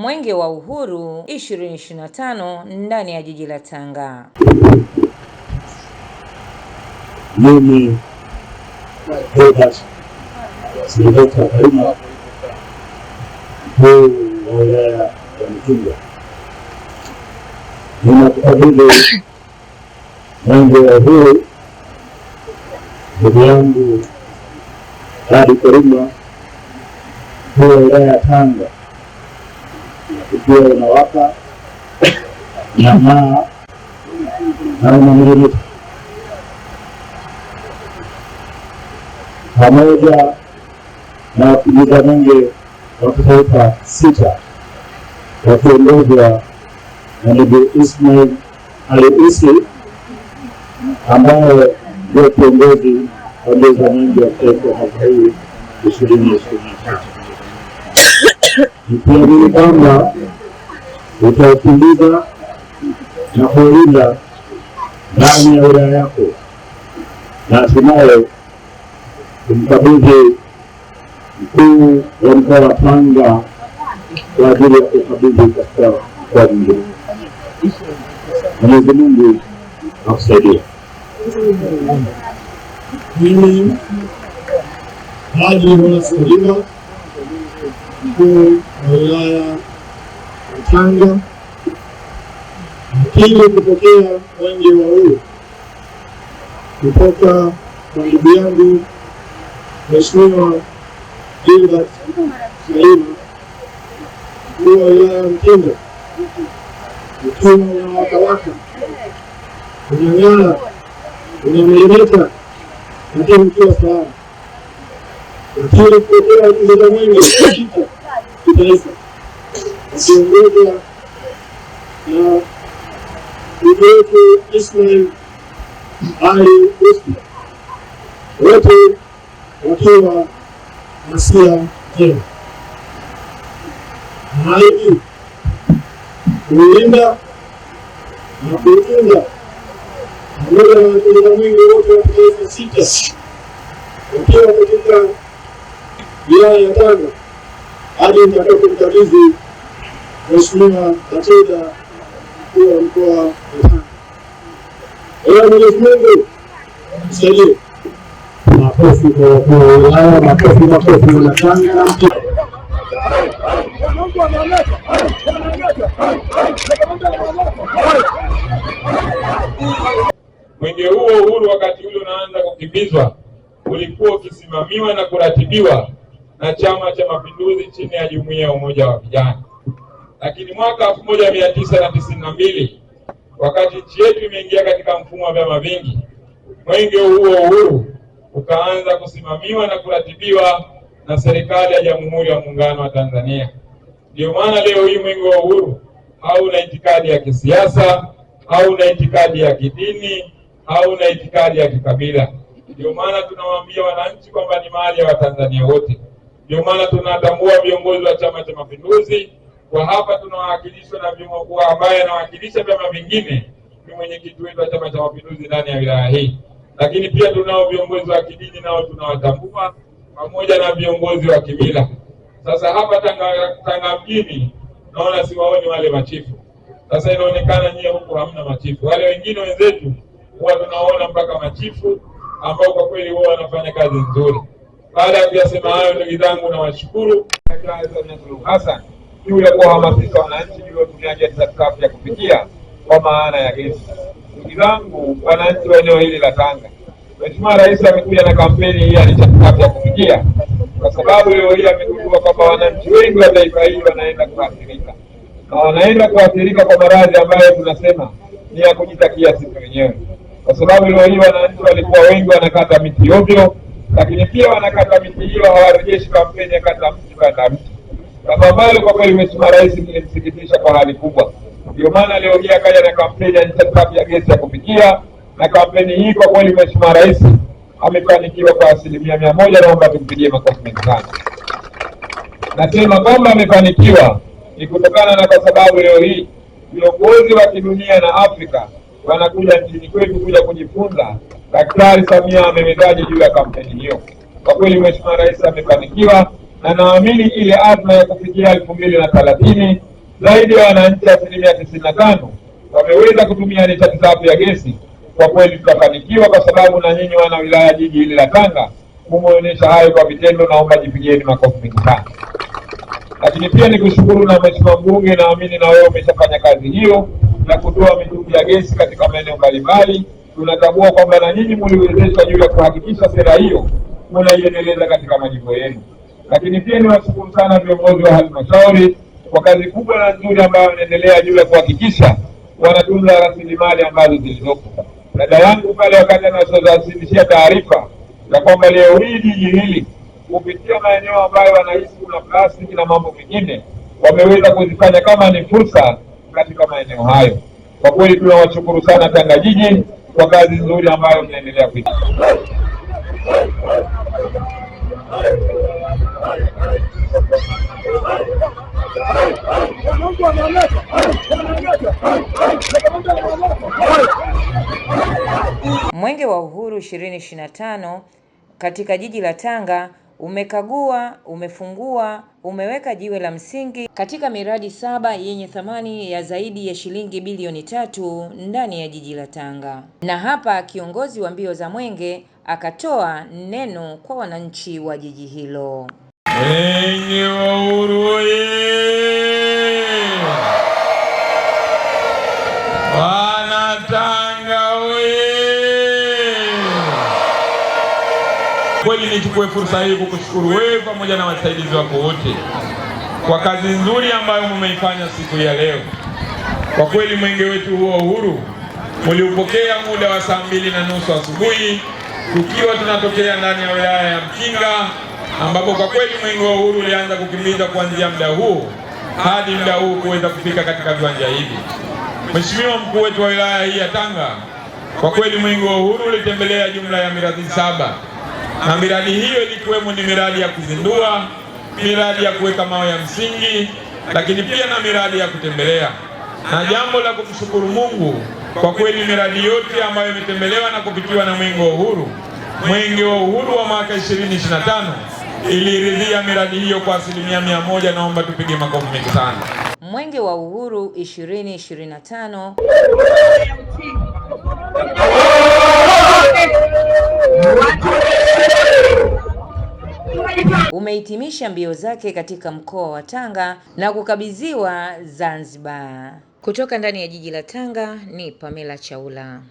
Mwenge wa Uhuru 2025 ndani ya jiji la Tanga. Mimi Judas Seneta mkuu wa wilaya ya mkinga ninakukabidhi Mwenge wa Uhuru, ndugu yangu Hadi Tarimo, mkuu wa wilaya ya Tanga ukiwa unawapa jamaa au mwingine pamoja na wapigiza mwenge wa kitaifa sita wakiongozwa na ndugu Ismail Ali Isi ambaye ndio kiongozi wa meza mwenge wa kitaifa mwaka huu ishirini ishirini na tatu nikiamini kwamba utautuliza na kuulinda ndani ya wilaya yako na hatimaye kumkabidhi mkuu wa mkoa wa Tanga kwa ajili ya kukabidhi katika mkoa mwingine. Mwenyezi Mungu akusaidia. Mimi Haji Mwanaseliwa mkuu wa wilaya ya Tanga akija kupokea mwenge wa uhuru kutoka kwa ndugu yangu Mheshimiwa Gilbert Salima, mkuu wa wilaya ya Mkinga, ukiwa unawakawaka unyang'ara una lakini ukiwa salama kiongoza na ndugu yetu Ismail Ali Osman, wote wakiwa masia jema maiji kuilinda na kuitunza pamoja na watunza mwingi wote wa kitaifa sita wakiwa katika wilaya ya Tanga hadi mtakapo mkabidhi Mheshimiwa Kateda mkuu wa mkoa wa Tanga. Mwenyezi Mungu msaidie. Makofi kwa wakuu wa wilaya, makofi makofi na Tanga. Mwenge huo uhuru wakati ule unaanza kukimbizwa ulikuwa ukisimamiwa na kuratibiwa na Chama cha Mapinduzi chini ya Jumuiya ya Umoja wa Vijana. Lakini mwaka elfu moja mia tisa na tisini na mbili wakati nchi yetu imeingia katika mfumo wa vyama vingi, mwenge huo uhuru ukaanza kusimamiwa na kuratibiwa na serikali ya Jamhuri ya Muungano wa Tanzania. Ndiyo maana leo hii mwenge wa uhuru au na itikadi ya kisiasa au na itikadi ya kidini au na itikadi ya kikabila. Ndio maana tunawaambia wananchi kwamba ni mali ya Watanzania wote. Ndio maana tunatambua viongozi wa Chama cha Mapinduzi kwa hapa, tunawakilishwa na vyama kuwa ambaye anawakilisha vyama vingine ni mwenyekiti wetu wa Chama cha Mapinduzi ndani ya wilaya hii, lakini pia tunao viongozi wa kidini nao tunawatambua pamoja na viongozi wa kimila. Sasa hapa Tanga, Tanga mjini naona siwaoni wale machifu. Sasa inaonekana nyie huku hamna machifu, wale wengine wenzetu huwa tunaona mpaka machifu ambao kwa kweli huwa wanafanya kazi nzuri. Baada ya kuyasema hayo, ndugu zangu, nawashukuru Daktari Samia Suluhu Hassan juu ya kuwahamasisha wananchi juu ya utumiaji wa sakafu ya kupikia kwa maana ya gesi. Ndugu zangu, wananchi wa eneo hili la Tanga, Mheshimiwa Rais amekuja na kampeni hii ya sakafu ya kupikia kwa sababu leo hii amegundua kwamba wananchi wengi wa taifa hili wanaenda kuathirika na wanaenda kuathirika kwa maradhi ambayo tunasema ni ya kujitakia sisi wenyewe, kwa sababu leo hii wananchi walikuwa wengi wanakata miti ovyo lakini pia wanakata miti hiyo hawarejeshi kampeni ya kata mtu kata mtu, kama ambalo kwa kweli Mheshimiwa Rais nilimsikitisha kwa hali kubwa. Ndio maana leo hii akaja na kampeni ya ya gesi ya kupikia, na kampeni hii kwa kweli Mheshimiwa Rais amefanikiwa kwa asilimia mia moja. Naomba tumpigie makofi mengi sana. Nasema kwamba amefanikiwa ni kutokana na kwa sababu leo hii viongozi wa kidunia na Afrika wanakuja nchini kwetu kuja kujifunza Daktari Samia amemetaja juu ya kampeni hiyo. Kwa kweli, Mheshimiwa Rais amefanikiwa na naamini ile azma ya kufikia elfu mbili na thelathini zaidi ya wananchi asilimia tisini na tano wameweza kutumia nishati safi ya gesi. Kwa kweli tutafanikiwa, kwa sababu na nyinyi wana wilaya jiji hili la Tanga kumeonyesha hayo kwa vitendo. Naomba jipigieni makofi mengi sana. Lakini pia nikushukuru na mheshimiwa mbunge, naamini na wewe umeshafanya kazi hiyo na kutoa mitungi ya gesi katika maeneo mbalimbali tunatambua kwamba na nyinyi muliwezeshwa juu ya kuhakikisha sera hiyo munaiendeleza katika majimbo yenu. Lakini pia niwashukuru sana viongozi wa halmashauri kwa kazi kubwa na nzuri ambayo wanaendelea juu ya kuhakikisha wanatunza rasilimali ambazo zilizopo. Dada yangu pale wakati anazowasilishia taarifa ya kwamba leo hii jiji hili kupitia maeneo ambayo wanahisi kuna plastiki na mambo mengine, wameweza kuzifanya kama ni fursa katika maeneo hayo. Kwa kweli tunawashukuru sana Tanga jiji kwa kazi nzuri ambayo mnaendelea kuita. Mwenge wa Uhuru 2025 katika jiji la Tanga umekagua, umefungua, umeweka jiwe la msingi katika miradi saba yenye thamani ya zaidi ya shilingi bilioni tatu ndani ya jiji la Tanga. Na hapa kiongozi wa mbio za Mwenge akatoa neno kwa wananchi wa jiji hilo. Enyi kweli nichukue fursa hii kukushukuru wewe pamoja na wasaidizi wako wote kwa kazi nzuri ambayo mumeifanya siku ya leo. Kwa kweli mwenge wetu huo uhuru muliupokea muda wa saa mbili na nusu asubuhi tukiwa tunatokea ndani ya wilaya ya Mkinga, ambapo kwa kweli mwenge wa uhuru ulianza kukimbiza kuanzia muda huo hadi muda huu kuweza kufika katika viwanja hivi. Mheshimiwa mkuu wetu wa wilaya hii ya Tanga, kwa kweli mwenge wa uhuru ulitembelea jumla ya mirathi saba na miradi hiyo ilikuwemo ni miradi ya kuzindua, miradi ya kuweka mawe ya msingi, lakini pia na miradi ya kutembelea. Na jambo la kumshukuru Mungu kwa kweli, miradi yote ambayo imetembelewa na kupitiwa na Mwenge wa Uhuru, Mwenge wa Uhuru wa mwaka 2025 iliridhia miradi hiyo kwa asilimia mia moja. Naomba tupige makofi mengi sana. Mwenge wa Uhuru 2025 amehitimisha mbio zake katika mkoa wa Tanga na kukabidhiwa Zanzibar. Kutoka ndani ya jiji la Tanga ni Pamela Chaula.